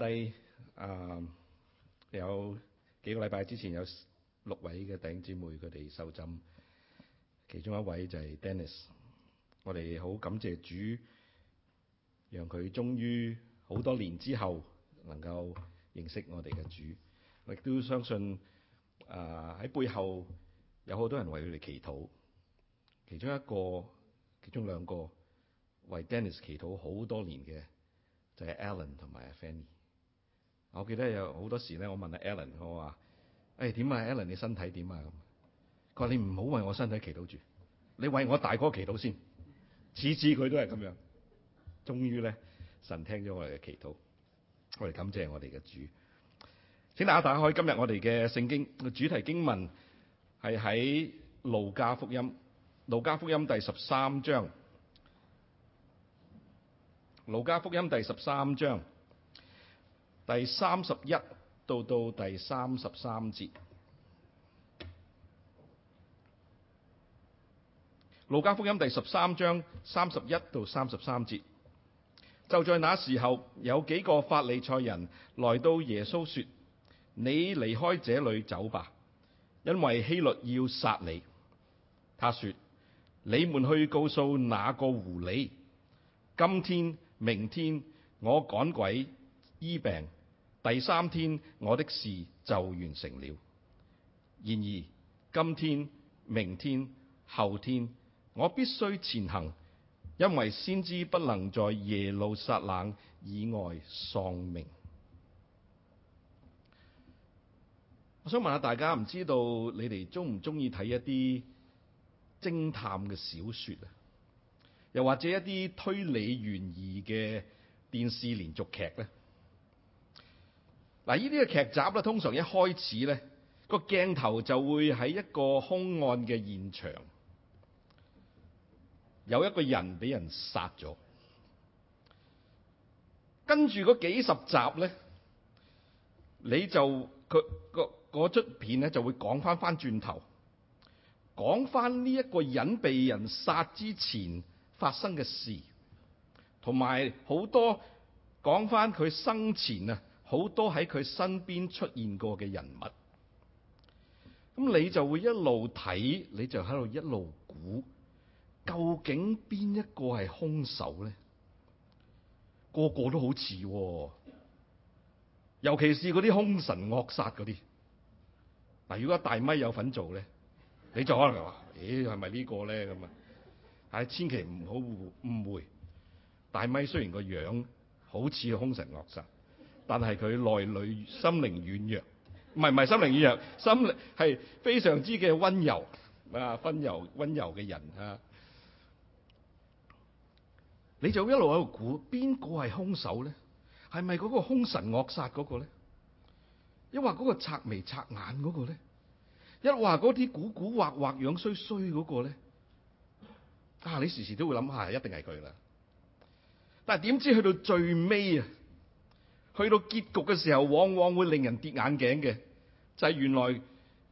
第、嗯、啊有幾個禮拜之前有六位嘅弟兄姊妹佢哋受浸，其中一位就係 Dennis，我哋好感謝主，讓佢終於好多年之後能夠認識我哋嘅主，我亦都相信啊喺、呃、背後有好多人為佢哋祈禱，其中一個、其中兩個為 Dennis 祈禱好多年嘅就係、是、Alan 同埋 Fanny。我記得有好多時咧，我問阿 Ellen，我話：誒、哎，點啊？Ellen，你身體點啊？咁佢話：你唔好為我身體祈禱住，你為我大哥祈禱先。次次佢都係咁樣。終於咧，神聽咗我哋嘅祈禱，我哋感謝我哋嘅主。請大家打開今日我哋嘅聖經，主題經文係喺路加福音，路加福音第十三章，路加福音第十三章。第三十一到到第三十三節，家《路加福音》第十三章三十一到三十三節，就在那時候，有幾個法利賽人來到耶穌說：你離開這裏走吧，因為希律要殺你。他說：你們去告訴那個狐狸，今天、明天，我趕鬼、醫病。第三天，我的事就完成了。然而，今天、明天、後天，我必須前行，因為先知不能在耶路撒冷以外喪命。我想問下大家，唔知道你哋中唔中意睇一啲偵探嘅小說啊？又或者一啲推理懸疑嘅電視連續劇呢？嗱，呢啲嘅劇集咧，通常一開始咧，個鏡頭就會喺一個凶案嘅現場，有一個人俾人殺咗，跟住嗰幾十集咧，你就佢嗰出片咧就會講翻翻轉頭，講翻呢一個人被人殺之前發生嘅事，同埋好多講翻佢生前啊。好多喺佢身邊出現過嘅人物，咁你就會一路睇，你就喺度一路估，究竟邊一個係兇手咧？個個都好似、哦，尤其是嗰啲兇神惡煞嗰啲。嗱，如果大咪有份做咧，你就可能話：咦、欸，係咪呢個咧？咁啊，係千祈唔好誤會。大咪雖然個樣好似兇神惡煞。但係佢內裏心靈軟弱，唔係，唔係心靈軟弱，心靈係非常之嘅温柔啊，温柔温柔嘅人啊，你就一路喺度估邊個係兇手咧？係咪嗰個兇神惡煞嗰個咧？一話嗰個拆眉拆眼嗰個咧？一話嗰啲古古惑惑樣衰衰嗰個咧？啊！你時時都會諗下，一定係佢啦。但係點知去到最尾啊？去到結局嘅時候，往往會令人跌眼鏡嘅，就係原來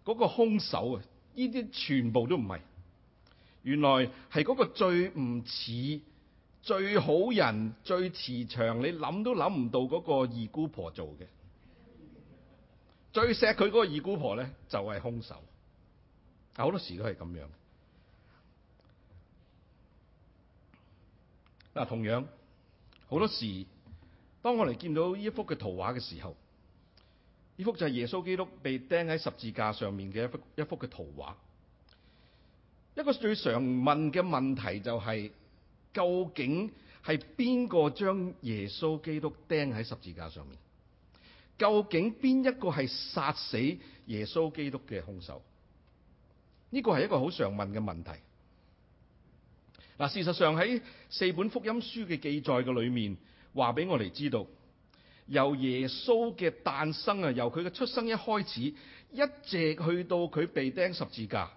嗰個兇手啊！呢啲全部都唔係，原來係嗰個最唔似、最好人、最慈祥，你諗都諗唔到嗰個二姑婆做嘅。最錫佢嗰個二姑婆呢，就係兇手。好多時都係咁樣。嗱，同樣好多時。當我哋見到呢一幅嘅圖畫嘅時候，呢幅就係耶穌基督被釘喺十字架上面嘅一幅一幅嘅圖畫。一個最常問嘅問題就係，究竟係邊個將耶穌基督釘喺十字架上面？究竟邊一個係殺死耶穌基督嘅兇手？呢個係一個好常問嘅問題。嗱，事實上喺四本福音書嘅記載嘅裏面。話俾我哋知道，由耶穌嘅誕生啊，由佢嘅出生一開始，一直去到佢被釘十字架，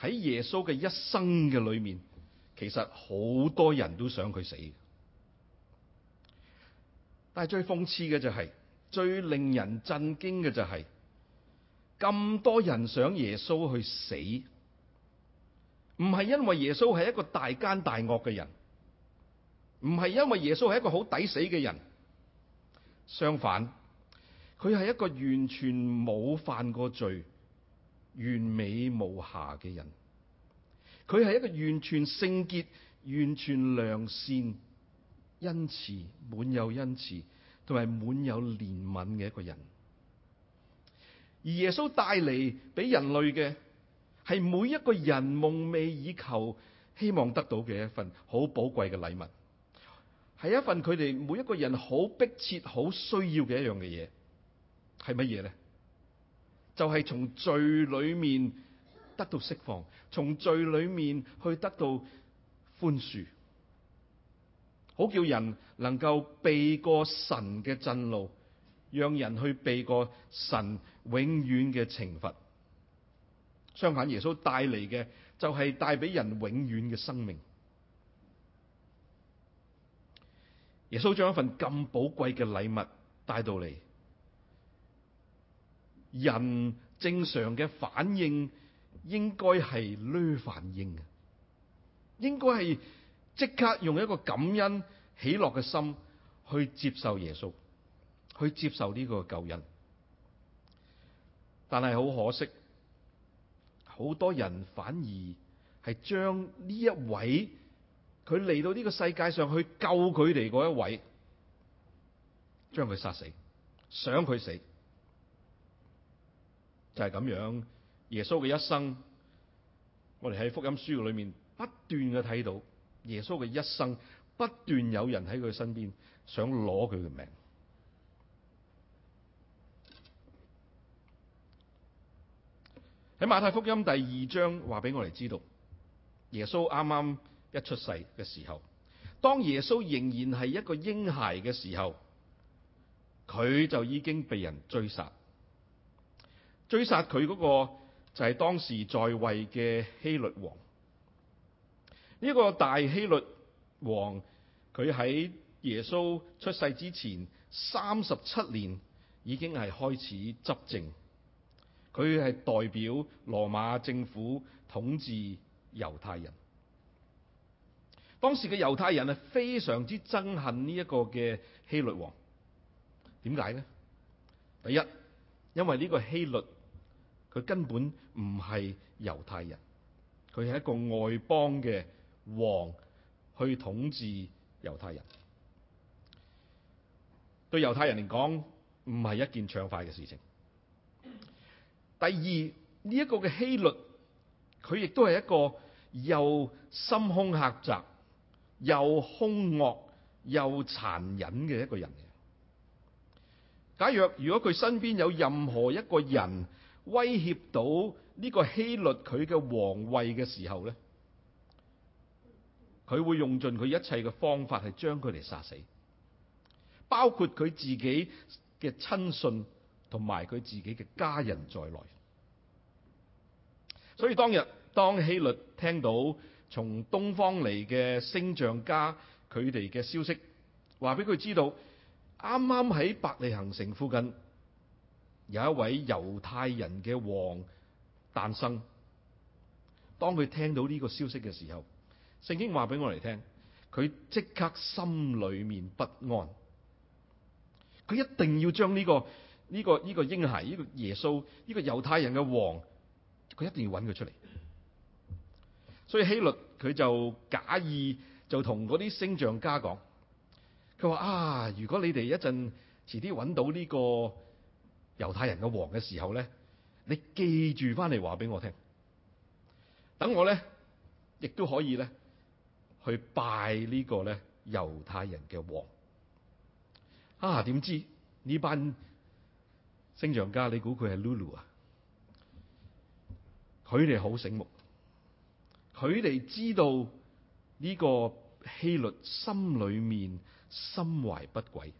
喺耶穌嘅一生嘅裏面，其實好多人都想佢死。但係最諷刺嘅就係，最令人震驚嘅就係，咁多人想耶穌去死，唔係因為耶穌係一個大奸大惡嘅人。唔係因為耶穌係一個好抵死嘅人，相反，佢係一個完全冇犯過罪、完美無瑕嘅人。佢係一個完全聖潔、完全良善、恩慈滿有恩慈，同埋滿有憐憫嘅一個人。而耶穌帶嚟俾人類嘅，係每一個人夢寐以求、希望得到嘅一份好寶貴嘅禮物。係一份佢哋每一個人好迫切、好需要嘅一樣嘅嘢，係乜嘢呢？就係、是、從罪裏面得到釋放，從罪裏面去得到寬恕，好叫人能夠避過神嘅震怒，讓人去避過神永遠嘅懲罰。相反，耶穌帶嚟嘅就係帶俾人永遠嘅生命。耶穌將一份咁寶貴嘅禮物帶到嚟，人正常嘅反應應該係咩反應啊？應該係即刻用一個感恩喜樂嘅心去接受耶穌，去接受呢個救恩。但係好可惜，好多人反而係將呢一位。佢嚟到呢個世界上去救佢哋嗰一位，將佢殺死，想佢死就係咁樣。耶穌嘅一生，我哋喺福音書嘅裏面不斷嘅睇到耶穌嘅一生，不斷有人喺佢身邊想攞佢嘅命。喺馬太福音第二章話俾我哋知道，耶穌啱啱。一出世嘅時候，當耶穌仍然係一個嬰孩嘅時候，佢就已經被人追殺。追殺佢嗰個就係當時在位嘅希律王。呢個大希律王，佢喺耶穌出世之前三十七年已經係開始執政，佢係代表羅馬政府統治猶太人。當時嘅猶太人係非常之憎恨呢一個嘅希律王，點解呢？第一，因為呢個希律佢根本唔係猶太人，佢係一個外邦嘅王去統治猶太人，對猶太人嚟講唔係一件暢快嘅事情。第二，呢一個嘅希律佢亦都係一個又心胸狹窄，又兇惡又殘忍嘅一個人，假若如果佢身邊有任何一個人威脅到呢個希律佢嘅皇位嘅時候呢，佢會用盡佢一切嘅方法係將佢哋殺死，包括佢自己嘅親信同埋佢自己嘅家人在內。所以當日當希律聽到。從東方嚟嘅星象家，佢哋嘅消息，話俾佢知道，啱啱喺伯利恒城附近有一位猶太人嘅王誕生。當佢聽到呢個消息嘅時候，聖經話俾我嚟聽，佢即刻心裏面不安，佢一定要將呢個呢個呢個嬰孩呢個耶穌呢個猶太人嘅王，佢一定要揾佢出嚟。所以希律佢就假意就同啲星象家講，佢話啊，如果你哋一陣遲啲揾到呢個猶太人嘅王嘅時候咧，你記住翻嚟話俾我聽，等我咧亦都可以咧去拜呢個咧猶太人嘅王。啊，點知呢班星象家你估佢係 Lulu 啊？佢哋好醒目。佢哋知道呢個希律心裏面心懷不軌，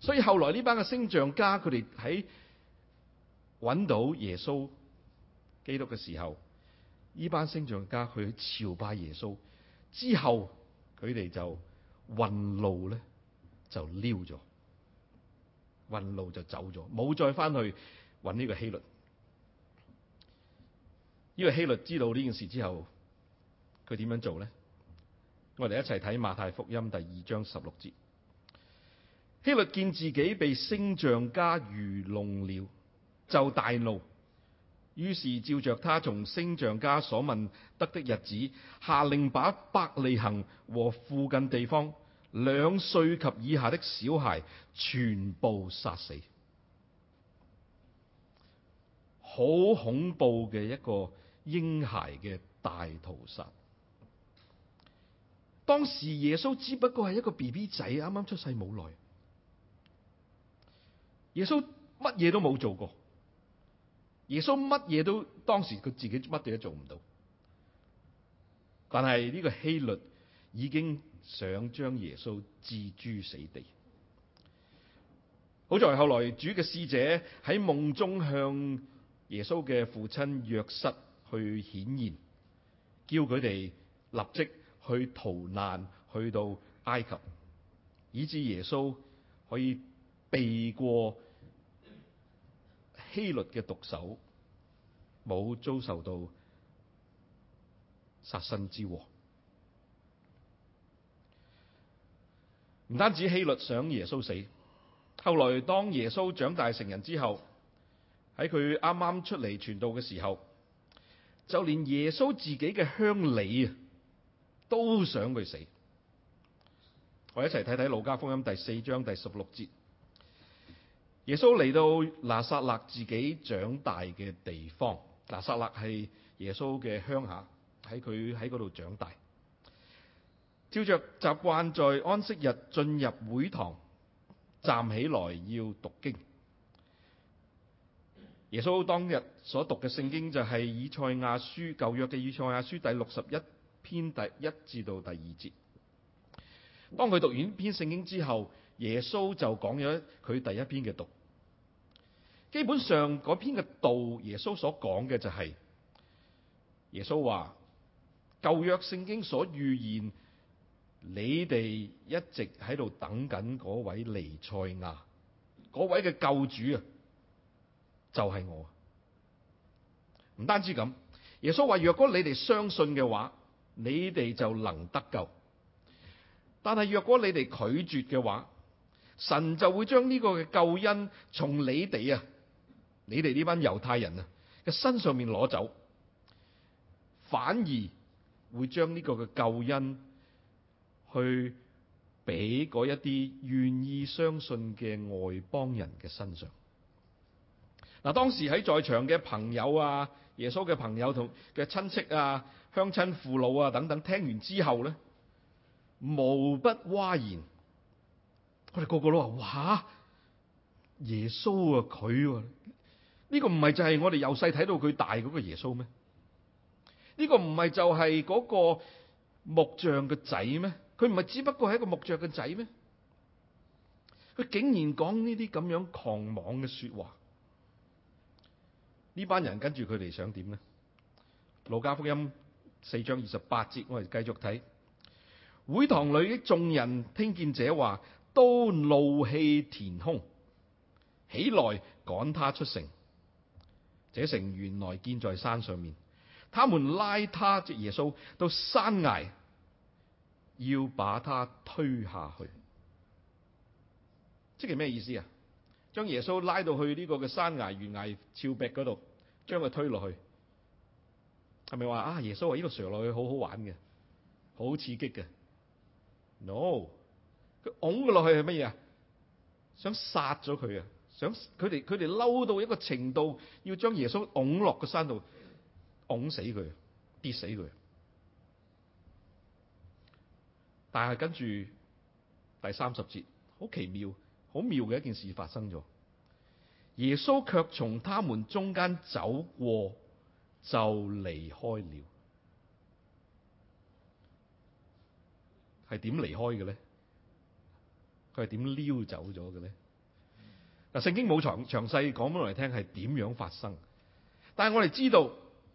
所以後來呢班嘅星象家佢哋喺搵到耶穌基督嘅時候，呢班星象家去朝拜耶穌之後他們，佢哋就運路咧就溜咗，運路就走咗，冇再翻去搵呢個希律。因為希律知道呢件事之後，佢點樣做呢？我哋一齊睇馬太福音第二章十六節。希律見自己被星象家愚弄了，就大怒，於是照着他從星象家所問得的日子，下令把伯利恒和附近地方兩歲及以下的小孩全部殺死。好恐怖嘅一個！嬰孩嘅大屠殺。當時耶穌只不過係一個 BB 仔，啱啱出世冇耐。耶穌乜嘢都冇做過，耶穌乜嘢都當時佢自己乜嘢都做唔到。但係呢個希律已經想將耶穌置諸死地。好在後來主嘅使者喺夢中向耶穌嘅父親約瑟，去顯現，叫佢哋立即去逃難，去到埃及，以致耶穌可以避過希律嘅毒手，冇遭受到殺身之禍。唔單止希律想耶穌死，後來當耶穌長大成人之後，喺佢啱啱出嚟傳道嘅時候。就連耶穌自己嘅鄉里啊，都想佢死。我一齊睇睇《路加福音》第四章第十六節。耶穌嚟到拿撒勒自己長大嘅地方，拿撒勒係耶穌嘅鄉下，喺佢喺嗰度長大。照着習慣，在安息日進入會堂，站起來要讀經。耶穌當日所讀嘅聖經就係以賽亞書舊約嘅以賽亞書第六十一篇第一至到第二節。當佢讀完一篇聖經之後，耶穌就講咗佢第一篇嘅讀。基本上嗰篇嘅道，耶穌所講嘅就係、是、耶穌話舊約聖經所預言，你哋一直喺度等緊嗰位尼賽亞，嗰位嘅救主啊。就係我，唔單止咁，耶穌話：若果你哋相信嘅話，你哋就能得救；但係若果你哋拒絕嘅話，神就會將呢個嘅救恩從你哋啊，你哋呢班猶太人啊嘅身上面攞走，反而會將呢個嘅救恩去俾一啲願意相信嘅外邦人嘅身上。嗱，當時喺在，在場嘅朋友啊，耶穌嘅朋友同嘅親戚啊、鄉親父老啊等等，聽完之後咧，無不嘩然。我哋個個都話，哇！耶穌啊，佢呢，啊這個唔係就係我哋由細睇到佢大個個耶穌咩？呢，這個唔係就係個木匠嘅仔咩？佢唔係只不過係一個木匠嘅仔咩？佢竟然講呢啲咁樣狂妄嘅說話。呢班人跟住佢哋想點呢？路加福音四章二十八節，我哋繼續睇。會堂裏嘅眾人聽見這話，都怒氣填胸，起來趕他出城。這城原來建在山上面，他們拉他即耶穌到山崖，要把他推下去。即係咩意思啊？將耶穌拉到去呢個嘅山崖、懸崖峭壁嗰度。將佢推落去，係咪話啊？耶穌話呢個瀡落去好好玩嘅，好刺激嘅。No，佢拱佢落去係乜嘢啊？想殺咗佢啊！想佢哋佢哋嬲到一個程度，要將耶穌拱落個山度，拱死佢，跌死佢。但係跟住第三十節，好奇妙，好妙嘅一件事發生咗。耶穌卻從他們中間走過，就離開了。係點離開嘅咧？佢係點溜走咗嘅咧？嗱，聖經冇詳詳細講翻嚟聽係點樣發生的，但係我哋知道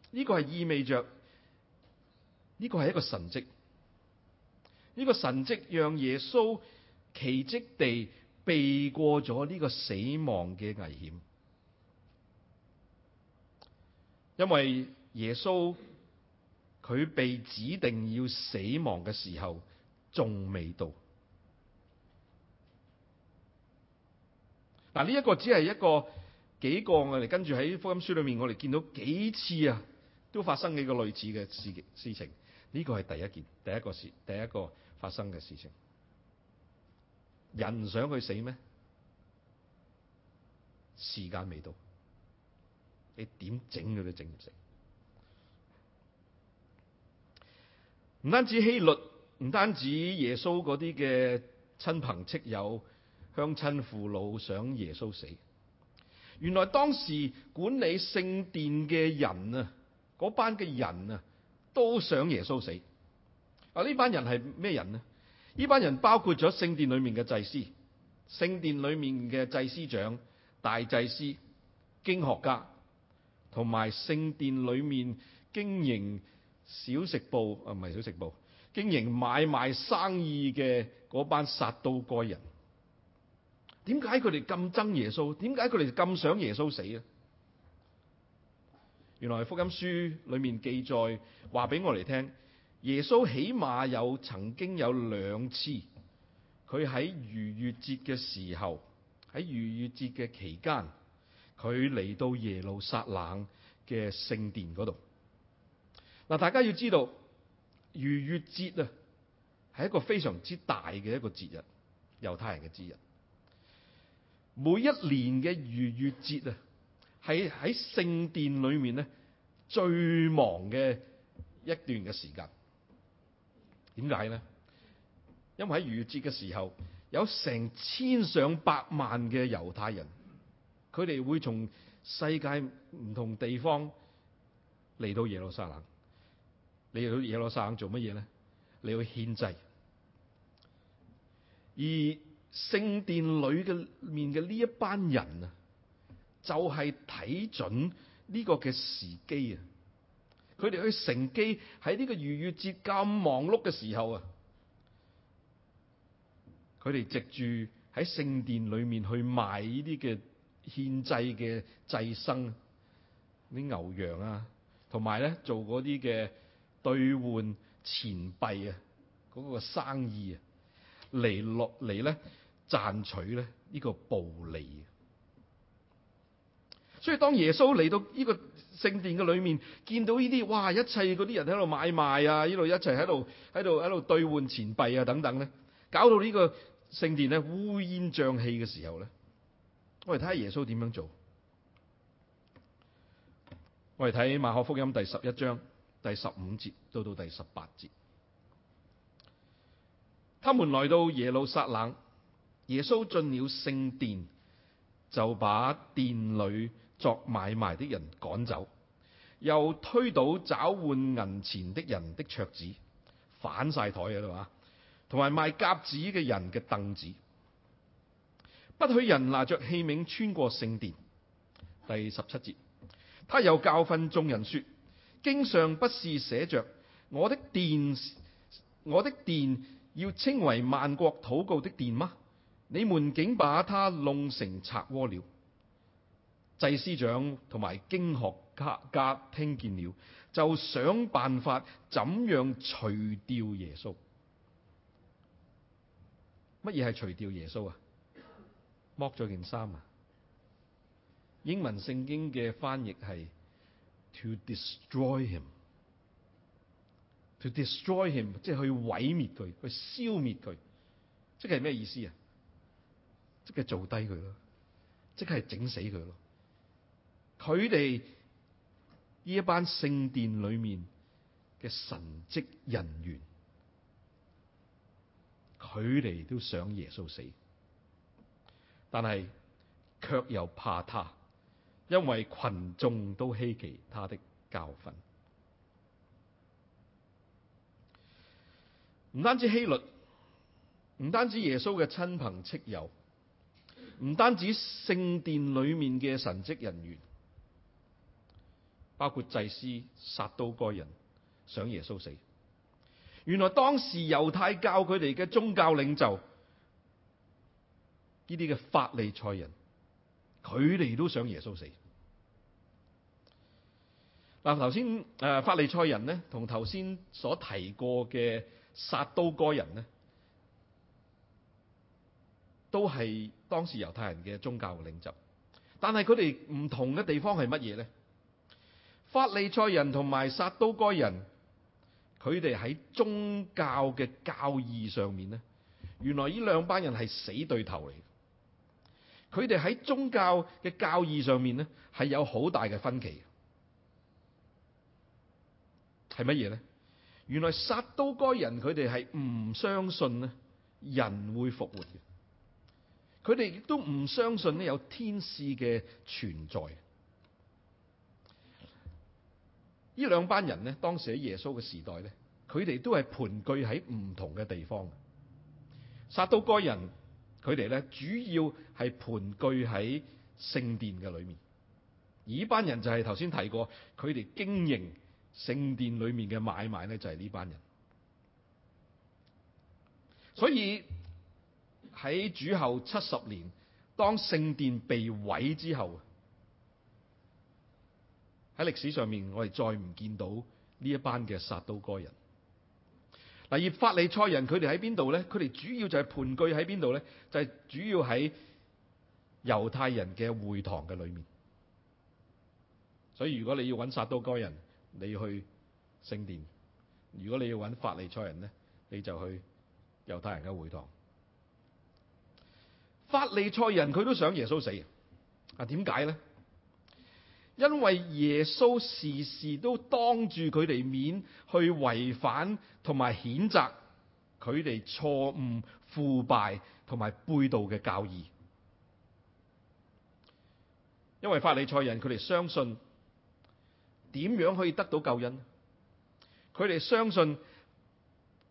呢個係意味著呢個係一個神蹟，呢個神蹟讓耶穌奇蹟地避過咗呢個死亡嘅危險，因為耶穌佢被指定要死亡嘅時候仲未到。嗱，呢一個只係一個幾個我哋跟住喺福音書裏面我哋見到幾次啊，都發生幾個類似嘅事事情。呢個係第一件，第一個事，第一個發生嘅事情。人想佢死咩？時間未到，你點整佢都整唔成。唔單止希律，唔單止耶穌嗰啲嘅親朋戚友、鄉親父老想耶穌死。原來當時管理聖殿嘅人啊，嗰班嘅人啊都想耶穌死。啊，呢班人係咩人呢？呢班人包括咗聖殿裏面嘅祭司、聖殿裏面嘅祭司長大祭司、經學家，同埋聖殿裏面經營小食部啊，唔係小食部，經營買賣生意嘅嗰班撒都該人。點解佢哋咁憎耶穌？點解佢哋咁想耶穌死啊？原來福音書裏面記載話俾我哋聽。耶穌起碼有曾經有兩次，佢喺逾越節嘅時候，喺逾越節嘅期間，佢嚟到耶路撒冷嘅聖殿嗰度。嗱，大家要知道逾越節啊，係一個非常之大嘅一個節日，猶太人嘅節日。每一年嘅逾越節啊，係喺聖殿裏面咧最忙嘅一段嘅時間。點解咧？因為喺逾越節嘅時候，有成千上百萬嘅猶太人，佢哋會從世界唔同地方嚟到耶路撒冷。你到耶路撒冷做乜嘢咧？你去獻祭。而聖殿的裏嘅面嘅呢一班人啊，就係、是、睇準呢個嘅時機啊！佢哋去乘機喺呢個逾越節咁忙碌嘅時候啊，佢哋藉住喺聖殿裏面去賣呢啲嘅獻祭嘅祭牲，啲牛羊啊，同埋咧做嗰啲嘅兌換錢幣啊，嗰、那個生意啊，嚟落嚟咧賺取咧呢個暴利。啊。所以當耶穌嚟到呢、這個。聖殿嘅裏面見到呢啲，哇！一切嗰啲人喺度買賣啊，呢度一齊喺度喺度喺度兌換錢幣啊等等咧，搞到呢個聖殿咧烏煙瘴氣嘅時候咧，我哋睇下耶穌點樣做。我哋睇馬可福音第十一章第十五節到到第十八節，他們來到耶路撒冷，耶穌進了聖殿，就把殿裏。作買賣的人趕走，又推倒找換銀錢的人的桌子，反晒台㗎喇！同埋賣鴿子嘅人嘅凳子，不許人拿着器皿穿過聖殿。第十七節，他又教訓眾人說：經上不是寫着我的殿，我的殿要稱為萬國禱告的殿嗎？你們竟把它弄成賊窩了！祭司長同埋經學家聽見了，就想辦法怎樣除掉耶穌。乜嘢係除掉耶穌啊？剝咗件衫啊！英文聖經嘅翻譯係 to destroy him，to destroy him，即係去毀滅佢，去消滅佢，即係咩意思啊？即係做低佢咯，即係整死佢咯。佢哋呢一班聖殿裏面嘅神職人員，佢哋都想耶穌死，但係卻又怕他，因為群眾都希奇他的教訓。唔單止希律，唔單止耶穌嘅親朋戚友，唔單止聖殿裏面嘅神職人員。包括祭司、撒都該人想耶穌死，原來當時猶太教佢哋嘅宗教領袖，呢啲嘅法利賽人，佢哋都想耶穌死。嗱，頭先誒法利賽人咧，同頭先所提過嘅撒都該人咧，都係當時猶太人嘅宗教領袖，但係佢哋唔同嘅地方係乜嘢咧？法利賽人同埋撒都該人，佢哋喺宗教嘅教義上面呢，原來呢兩班人係死對頭嚟。佢哋喺宗教嘅教義上面呢，係有好大嘅分歧。係乜嘢呢？原來撒都該人佢哋係唔相信呢人會復活嘅，佢哋亦都唔相信呢有天使嘅存在。呢兩班人呢，當時喺耶穌嘅時代呢，佢哋都係盤踞喺唔同嘅地方。撒都該人佢哋主要係盤踞喺聖殿嘅裏面；而呢班人就係頭先提過，佢哋經營聖殿裏面嘅買賣就係呢班人。所以喺主後七十年，當聖殿被毀之後，喺歷史上面，我哋再唔見到呢一班嘅撒都該人。嗱，而法利賽人佢哋喺邊度咧？佢哋主要就係盤踞喺邊度咧？就係主要喺猶太人嘅會堂嘅裏面。所以如果你要揾撒都該人，你要去聖殿；如果你要揾法利賽人咧，你就去猶太人嘅會堂。法利賽人佢都想耶穌死啊？點解咧？因為耶穌時時都當住佢哋面去違反同埋譴責佢哋錯誤腐敗同埋背道嘅教義，因為法利賽人佢哋相信點樣可以得到救恩？佢哋相信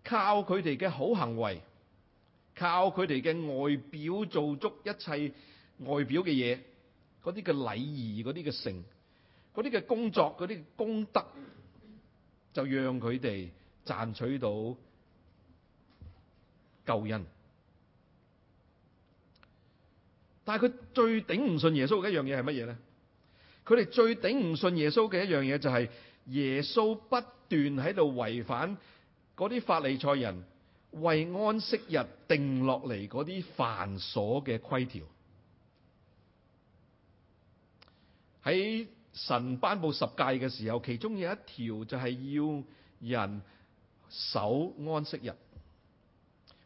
靠佢哋嘅好行為，靠佢哋嘅外表做足一切外表嘅嘢。嗰啲嘅禮儀，嗰啲嘅誠，嗰啲嘅工作，嗰啲嘅功德，就讓佢哋賺取到救恩。但係佢最頂唔順耶穌嘅一樣嘢係乜嘢咧？佢哋最頂唔順耶穌嘅一樣嘢就係耶穌不斷喺度違反嗰啲法利賽人為安息日定落嚟嗰啲繁瑣嘅規條。喺神頒布十戒嘅時候，其中有一條就係要人守安息日。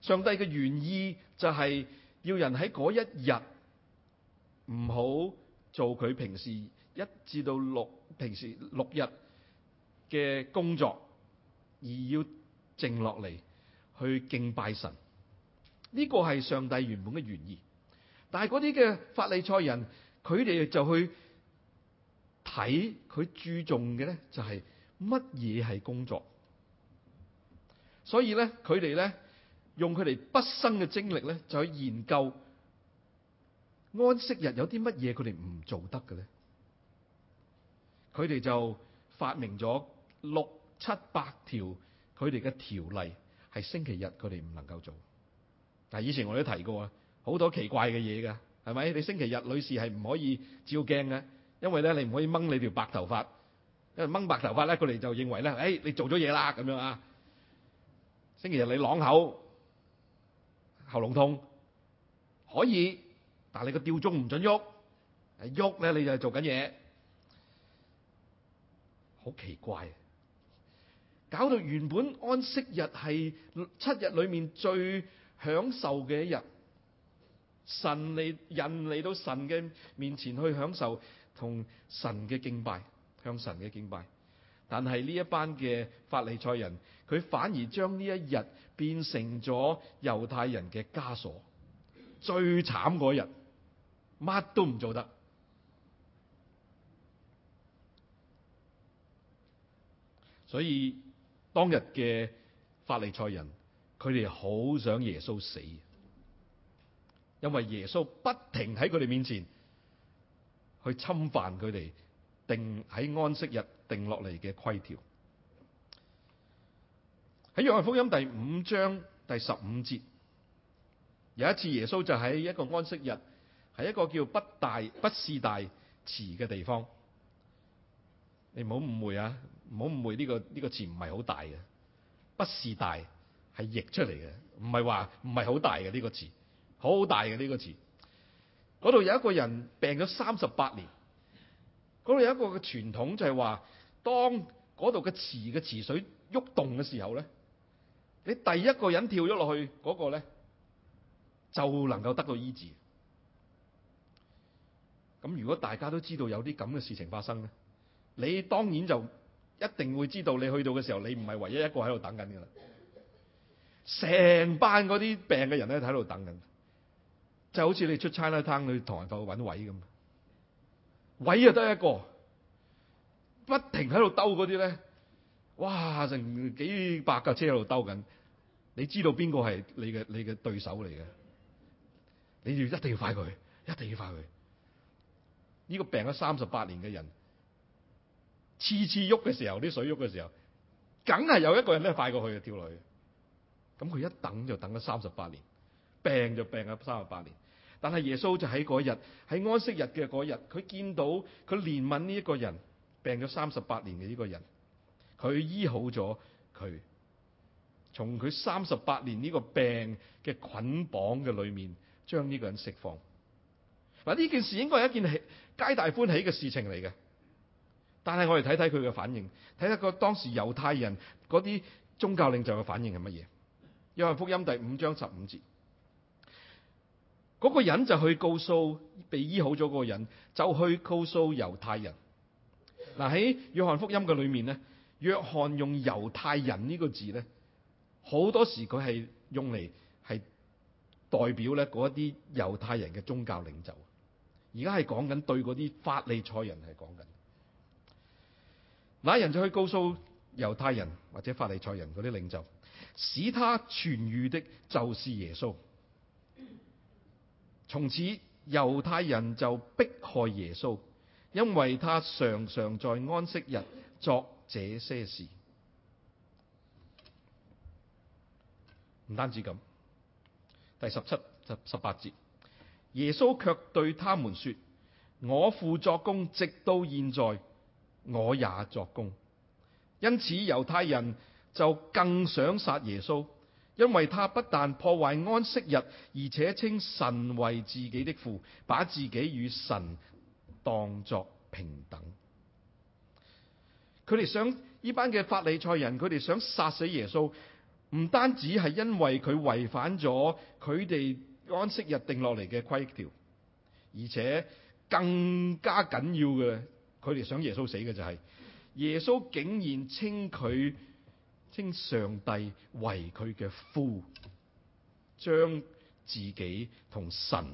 上帝嘅原意就係要人喺嗰一日唔好做佢平時一至到六平時六日嘅工作，而要靜落嚟去敬拜神。呢個係上帝原本嘅原意，但係嗰啲嘅法利賽人，佢哋就去。睇佢注重嘅咧，就係乜嘢係工作。所以咧，佢哋咧，用佢哋畢生嘅精力咧，就去研究安息日有啲乜嘢佢哋唔做得嘅咧，佢哋就發明咗六七百條佢哋嘅條例係星期日佢哋唔能夠做。嗱，以前我哋都提過啊，好多奇怪嘅嘢噶，係咪？你星期日女士係唔可以照鏡嘅。因為咧，你唔可以掹你條白頭髮，因為掹白頭髮咧，佢哋就認為咧，誒、哎，你做咗嘢啦咁樣啊。星期日你朗口，喉嚨痛可以，但係你個吊鐘唔准喐，喐咧你就係做緊嘢，好奇怪。搞到原本安息日係七日裏面最享受嘅一日，神嚟，人嚟到神嘅面前去享受，同神嘅敬拜，向神嘅敬拜。但係呢一班嘅法利賽人，佢反而將呢一日變成咗猶太人嘅枷鎖。最慘嗰日，乜都唔做得。所以當日嘅法利賽人，佢哋好想耶穌死，因為耶穌不停喺佢哋面前去侵犯佢哋定喺安息日定落嚟嘅規條。喺約翰福音第五章第十五節，有一次耶穌就喺一個安息日，喺一個叫不大畢士大池嘅地方。你唔好誤會啊，唔、呢個呢個呢個、好誤會呢個呢個詞唔係好大嘅，畢士大係譯出嚟嘅，唔係話唔係好大嘅呢個詞，好大嘅呢個詞。嗰度有一個人病咗三十八年，嗰度有一個嘅傳統就係話，當嗰度嘅池嘅池水喐動嘅時候咧，你第一個人跳咗落去嗰個咧，就能夠得到醫治。咁如果大家都知道有啲咁嘅事情發生咧，你當然就一定會知道你去到嘅時候，你唔係唯一一個喺度等緊噶啦，成班嗰啲病嘅人咧喺度等緊。就好似你出差啦，攤去唐人街搵位咁，位啊得一個，不停喺度兜嗰啲咧，哇成幾百架車喺度兜緊，你知道邊個係你嘅你嘅對手嚟嘅，你要一定要快佢，一定要快佢。呢個病咗三十八年嘅人，次次喐嘅時候，啲水喐嘅時候，梗係有一個人咧快過去嘅跳落去，咁佢一等就等咗三十八年，病就病咗三十八年。但係耶穌就喺嗰日，喺安息日嘅嗰日，佢見到佢，憐憫呢一個人，病咗三十八年嘅呢個人，佢醫好咗佢，從佢三十八年呢個病嘅捆綁嘅裏面，將呢個人釋放。嗱，呢件事應該係一件喜皆大歡喜嘅事情嚟嘅，但係我哋睇睇佢嘅反應，睇睇個當時猶太人嗰啲宗教領袖嘅反應係乜嘢？約翰福音第五章十五節。嗰、那個人就去告訴被醫好咗嗰個人，就去告訴猶太人。嗱喺約翰福音嘅裏面，約翰用猶太人呢個字呢，好多時佢係用嚟係代表呢嗰一啲猶太人嘅宗教領袖。而家係講緊對嗰啲法利賽人係講緊。那人就去告訴猶太人或者法利賽人嗰啲領袖，使他痊愈的，就是耶穌。從此猶太人就迫害耶穌，因為他常常在安息日作這些事。唔單止咁，第十七、十八節，耶穌卻對他們說：我父作工，直到現在，我也作工。因此猶太人就更想殺耶穌。因為他不但破壞安息日，而且稱神為自己的父，把自己與神當作平等。佢哋想，呢班嘅法利賽人，佢哋想殺死耶穌，唔單止係因為佢違反咗佢哋安息日定落嚟嘅規條，而且更加緊要嘅，佢哋想耶穌死嘅就係、是、耶穌竟然稱佢。稱上帝為佢嘅父，將自己同神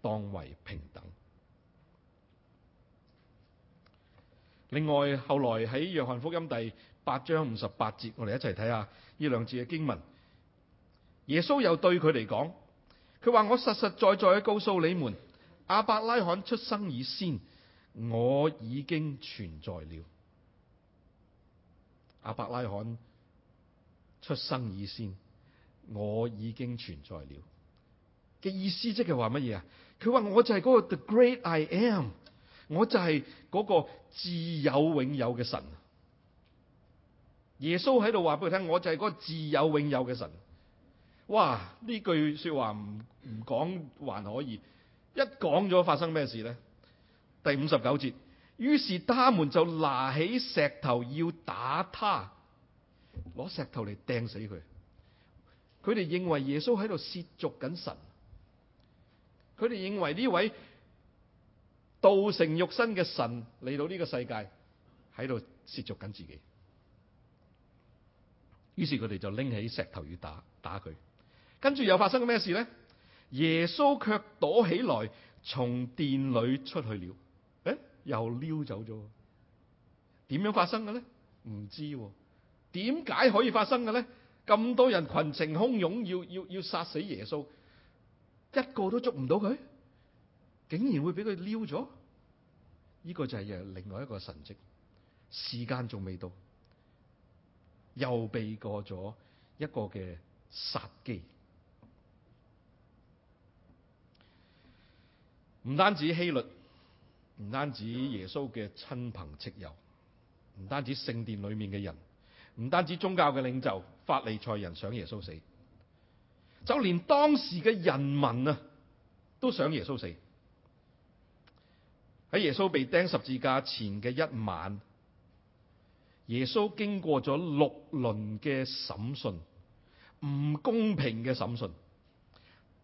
當為平等。另外，後來喺約翰福音第八章五十八節，我哋一齊睇下呢兩節嘅經文。耶穌又對佢嚟講，佢話，我實實在在嘅告訴你們，亞伯拉罕出生以先，我已經存在了。亞伯拉罕出生以先，我已經存在了嘅意思就是說什麼，即係話乜嘢啊？佢話我就係嗰個 The Great I Am，我就係嗰個自有永有嘅神。耶穌喺度話俾佢聽，我就係嗰個自有永有嘅神。哇！呢句話不不說話唔唔講還可以，一講咗發生咩事呢？第五十九節，於是他們就拿起石頭要打他。攞石頭嚟掟死佢，佢哋認為耶穌喺度褻瀆緊神，佢哋認為呢位道成肉身嘅神嚟到呢個世界喺度褻瀆緊自己，於是佢哋就拎起石頭要打打佢，跟住又發生咗咩事咧？耶穌卻躲起來，從殿裏出去了，誒，又溜走咗，點樣發生嘅咧？唔知道啊。點解可以發生嘅咧？咁多人群情洶湧，要要要殺死耶穌，一個都捉唔到佢，竟然會俾佢撩咗？呢個就係又另外一個神蹟，時間仲未到，又避過咗一個嘅殺機。唔單止希律，唔單止耶穌嘅親朋戚友，唔單止聖殿裏面嘅人。唔單止宗教嘅領袖法利賽人想耶穌死，就連當時嘅人民啊都想耶穌死。喺耶穌被釘十字架前嘅一晚，耶穌經過咗六輪嘅審訊，唔公平嘅審訊。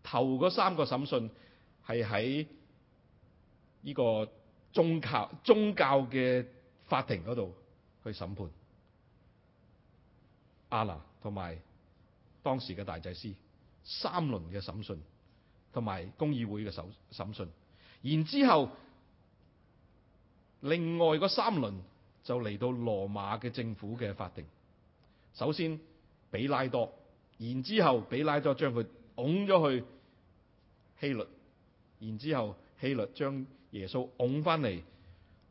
頭嗰三個審訊係喺呢個宗教宗教嘅法庭嗰度去審判。阿拿同埋當時嘅大祭司三輪嘅審訊同埋公議會嘅審審訊，然之後另外嗰三輪就嚟到羅馬嘅政府嘅法庭。首先彼拉多，然之後彼拉多將佢拱咗去希律，然之後希律將耶穌拱翻嚟，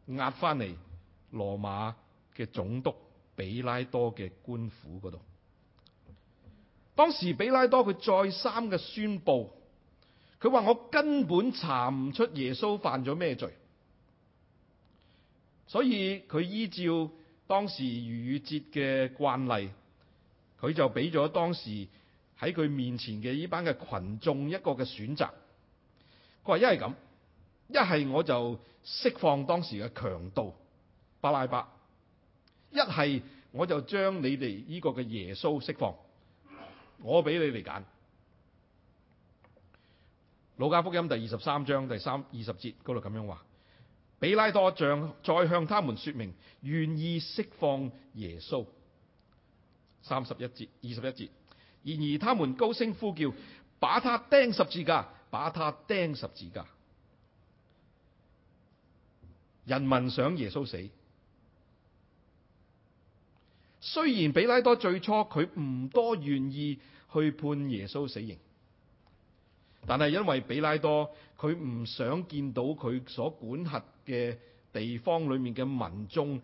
押翻嚟羅馬嘅總督。比拉多嘅官府嗰度，當時比拉多佢再三嘅宣布，佢話我根本查唔出耶穌犯咗咩罪，所以佢依照當時逾越節嘅慣例，佢就俾咗當時喺佢面前嘅呢班嘅群眾一個嘅選擇，佢話一係咁，一係我就釋放當時嘅強盜巴拉巴。一係我就將你哋呢個嘅耶穌釋放，我俾你哋揀。路加福音第二十三章第三二十節度咁樣話：比拉多像再向他們說明願意釋放耶穌。三十一節、二十一節，然而他們高聲呼叫，把他釘十字架，把他釘十字架。人民想耶穌死。雖然彼拉多最初佢唔多願意去判耶穌死刑，但係因為彼拉多佢唔想見到佢所管轄嘅地方裏面嘅民眾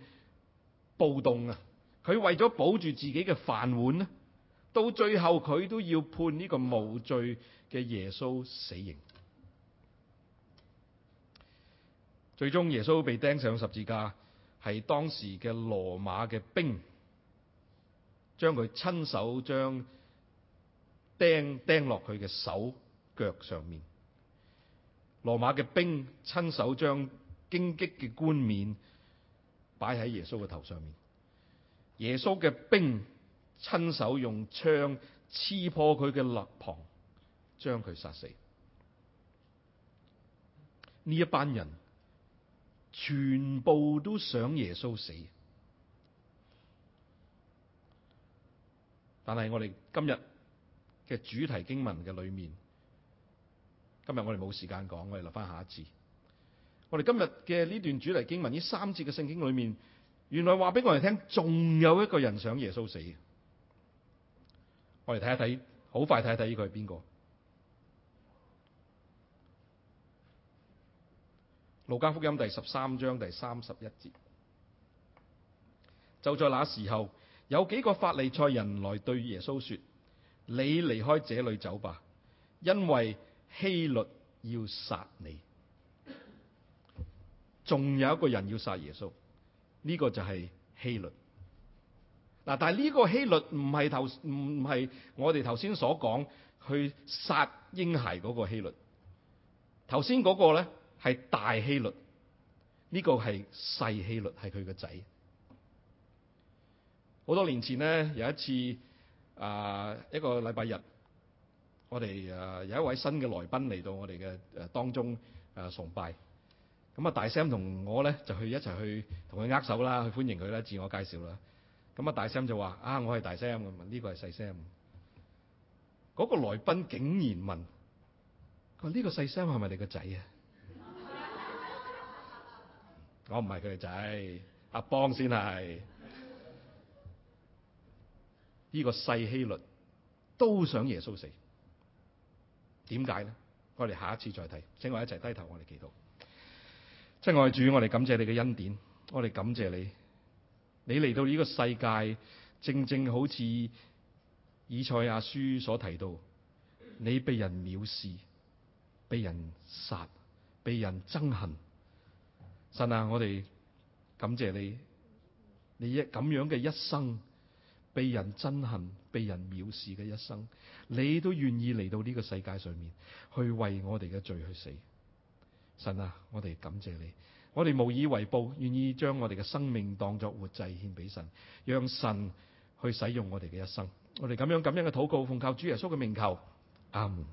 暴動啊，佢為咗保住自己嘅飯碗咧，到最後佢都要判呢個無罪嘅耶穌死刑。最終耶穌被釘上十字架，係當時嘅羅馬嘅兵，將佢親手將釘釘落佢嘅手腳上面，羅馬嘅兵親手將荊棘嘅冠冕擺喺耶穌嘅頭上面，耶穌嘅兵親手用槍刺破佢嘅肋旁，將佢殺死。呢一班人全部都想耶穌死。但係我哋今日嘅主題經文嘅裏面，今日我哋冇時間講，我哋留翻下一次。我哋今日嘅呢段主題經文，呢三節嘅聖經裏面，原來話俾我哋聽，仲有一個人想耶穌死。我哋睇一睇，好快睇一睇，呢個係邊個？路加福音第十三章第三十一節，就在那時候。有幾個法利賽人來對耶穌說：你離開這裏走吧，因為希律要殺你。仲有一個人要殺耶穌，呢個就係希律。嗱，但係呢個希律唔係頭唔係我哋頭先所講去殺嬰孩嗰個希律。頭先嗰個咧係大希律，呢個係細希律，係佢個仔。好多年前咧，有一次啊、呃，一個禮拜日，我哋誒、呃、有一位新嘅來賓嚟到我哋嘅誒當中誒、呃、崇拜，咁啊大 Sam 同我咧就一起去一齊去同佢握手啦，去歡迎佢啦，自我介紹啦。咁啊大 Sam 就話：啊，我係大 Sam，我問呢個係細 Sam。嗰、那個來賓竟然問：佢話呢個細 Sam 係咪你個仔啊？ 我唔係佢個仔，阿邦先係。呢、這個世希律都想耶穌死，點解呢？我哋下一次再睇，請我一齊低頭，我哋祈禱。親愛主，我哋感謝你嘅恩典，我哋感謝你，你嚟到呢個世界，正正好似以賽亞書所提到，你被人藐視，被人殺，被人憎恨。神啊，我哋感謝你，你一咁樣嘅一生。被人憎恨、被人藐視嘅一生，你都願意嚟到呢個世界上面，去為我哋嘅罪去死。神啊，我哋感謝你，我哋無以為報，願意將我哋嘅生命當作活祭獻俾神，讓神去使用我哋嘅一生。我哋咁樣咁樣嘅禱告，奉靠主耶穌嘅名求。阿門。